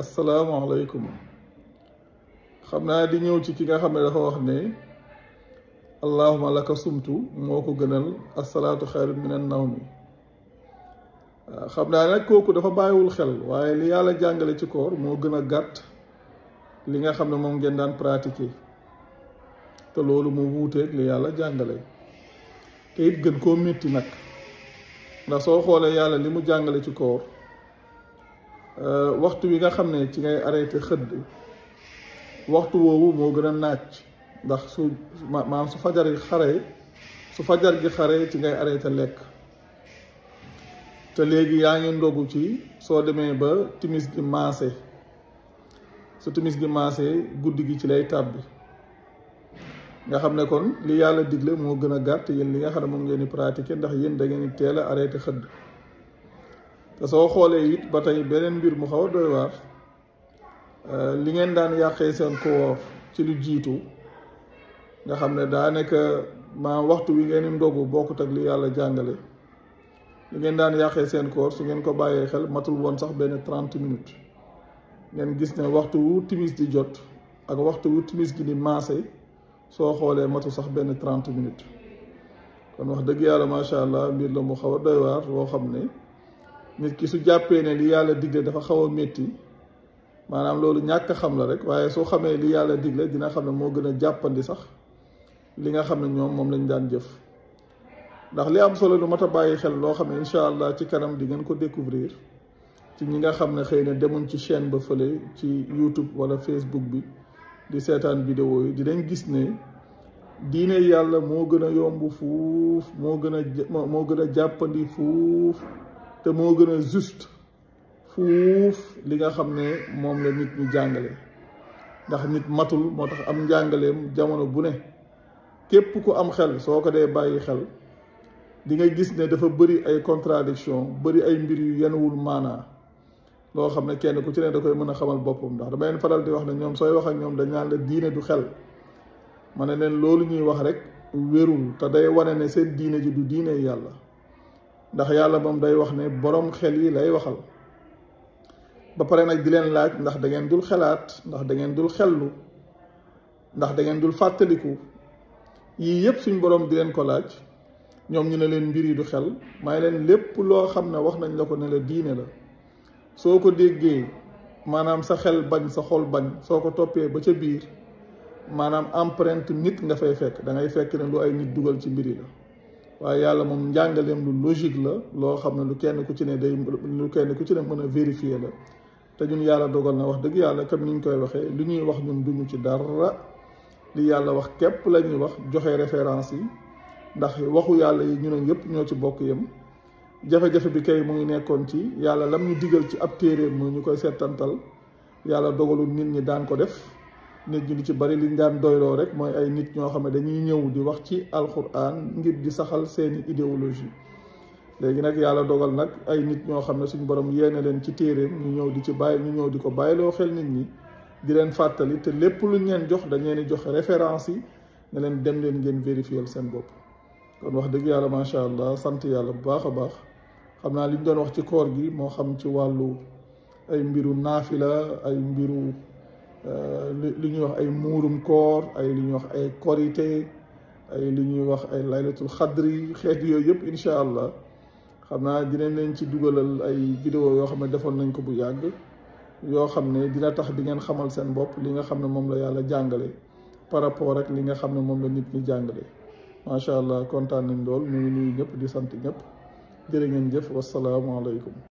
asalaamaaleykum xam naa di ñëw ci ki nga xam ne dafa wax ne allahuma laka sumtu moo ko gënal asalaatu xayrun min an mi xam naa nag kooku dafa bàyyiwul xel waaye li yàlla jàngale ci koor moo gën a gàtt li nga xam ne moom ngeen daan pratiquer te loolu mu wuuteeg li yàlla jàngale te gën koo métti nag ndax soo xoolee yàlla li mu jàngale ci koor Euh, waxtu wi nga xam ne ci ngay arrêté xëdd waxtu woowu moo gën a naaj ndax su maam su fajar yi xaree su fajar gi xaree ci ngay arrêté lekk te léegi yaa ngi ndogu ci soo demee ba timis gi maase su timis gi maase guddi gi ci lay tàbbi nga xam ne kon li yàlla digle moo gën a gàtt yéen li nga xam ne moom ngeen di pratiquer ndax yéen da ngeen di teel a arrêté xëdd te soo xoolee it ba tey beneen mbir mu xaw a doy waar euh, li ngeen daan yàqee seen koor ci lu jiitu nga xam ne daa nekk maam waxtu wi ngeen di ndogu bokkut ak li yàlla jàngale li ngeen daan yàqee seen koor su ngeen ko bàyyee xel matul woon sax benn trente minutes ngeen gis ne waxtu wu timis di jot ak waxtu wu timis gi ni maase soo xoolee matul sax benn trente minutes kon wax dëgg yàlla macha allah mbir la mu xaw a doy waar boo xam ne. nit ki su jàppee ne li yàlla digle dafa xaw a métti maanaam loolu ñàkk xam la rek waaye soo xamee li yàlla digle dina xam ne moo gën a jàppandi sax li nga xam ne ñoom moom lañ daan jëf ndax li am solo lu mat a bàyyi xel loo xam ne incha allah ci kanam di ngeen ko découvrir ci ñi nga xam ne xëy na demuñ ci chaîne ba fële ci YouTube wala Facebook bi di seetaan vidéo yi dinañ gis ne diine yàlla moo gën a yomb fuuf moo gën a moo gën a jàppandi fuuf te moo gën a juste fuuf li nga xam ne moom la nit ñu jàngale ndax nit matul moo tax am njàngaleem jamono bu ne képp ku am xel soo ko dee bàyyi xel di nga gis ne dafa bëri ay contradiction bari ay mbir yu yenuwul maanaa loo xam ne kenn ku ci ne da koy mën a xamal boppam ndax dama faral di wax ne ñoom sooy wax ak ñoom da naan la diine du xel ma ne leen loolu ñuy wax rek wérul te day wane ne seen diine ji du diine yàlla ndax yàlla moom day wax ne borom xel yi lay waxal ba pare nag di leen laaj ndax da ngeen dul xelaat ndax da ngeen dul xellu ndax da ngeen dul fàttaliku yii yëpp suñ borom di leen ko laaj ñoom ñu ne leen mbir yi du xel may leen lépp loo xam ne wax nañ la ko ne la diine la soo ko déggee maanaam sa xel bañ sa xol bañ soo ko toppee ba ca biir maanaam empreinte nit nga fay fekk da ngay fekk ne lu ay nit dugal ci mbir yi la. waaye yàlla moom njàngaleem lu logique la loo xam ne lu kenn ku ci ne day lu kenn ku ci ne mën a vérifier la te ñun yàlla dogal na wax dëgg yàlla comme ni ñu koy waxee lu ñuy wax ñun duñu ci dara li yàlla wax képp la ñuy wax joxe référence yi ndax waxu yàlla yi ñu ne yëpp ñoo ci bokk yem jafe-jafe bi kay mu ngi nekkoon ci yàlla lam ñu digal ci ab téeréem mu ñu koy settantal yàlla dogalu nit ñi daan ko def nit ñi lu ci bari li daan doyloo rek mooy ay nit ñoo xam ne dañuy ñëw di wax ci alquran ngir di saxal seeni idéologie léegi nag yàlla dogal nag ay nit ñoo xam ne suñu borom yéene leen ci téereen ñu ñëw di ci bàyyi ñu ñëw di ko bàyyiloo xel nit ñi di leen fàttali te lépp lu leen jox dañ ni di jox référence yi ne leen dem leen ngeen vérifier seen bopp kon wax dëgg yàlla macha allah sant yàlla bu baax a baax xam naa liñ doon wax ci koor gi moo xam ci wàllu ay mbiru naafila ay mbiru Euh, li ñuy wax ay muurum koor ay li ñuy wax ay korité ay li ñuy wax ay laylatul xadri xeet yooyu yëpp incha allah xam naa dinañ leen ci dugalal ay vidéo yoo xam ne defoon nañ ko bu yàgg yoo xam ne dina tax di ngeen xamal seen bopp li nga xam ne moom la yàlla jàngale par rapport ak li nga xam ne moom la nit ñi jàngale macha allah kontaan nañ lool ñu ngi nuyu ñëpp di sant ñëpp jërë ngeen jëf wasalaamualeykum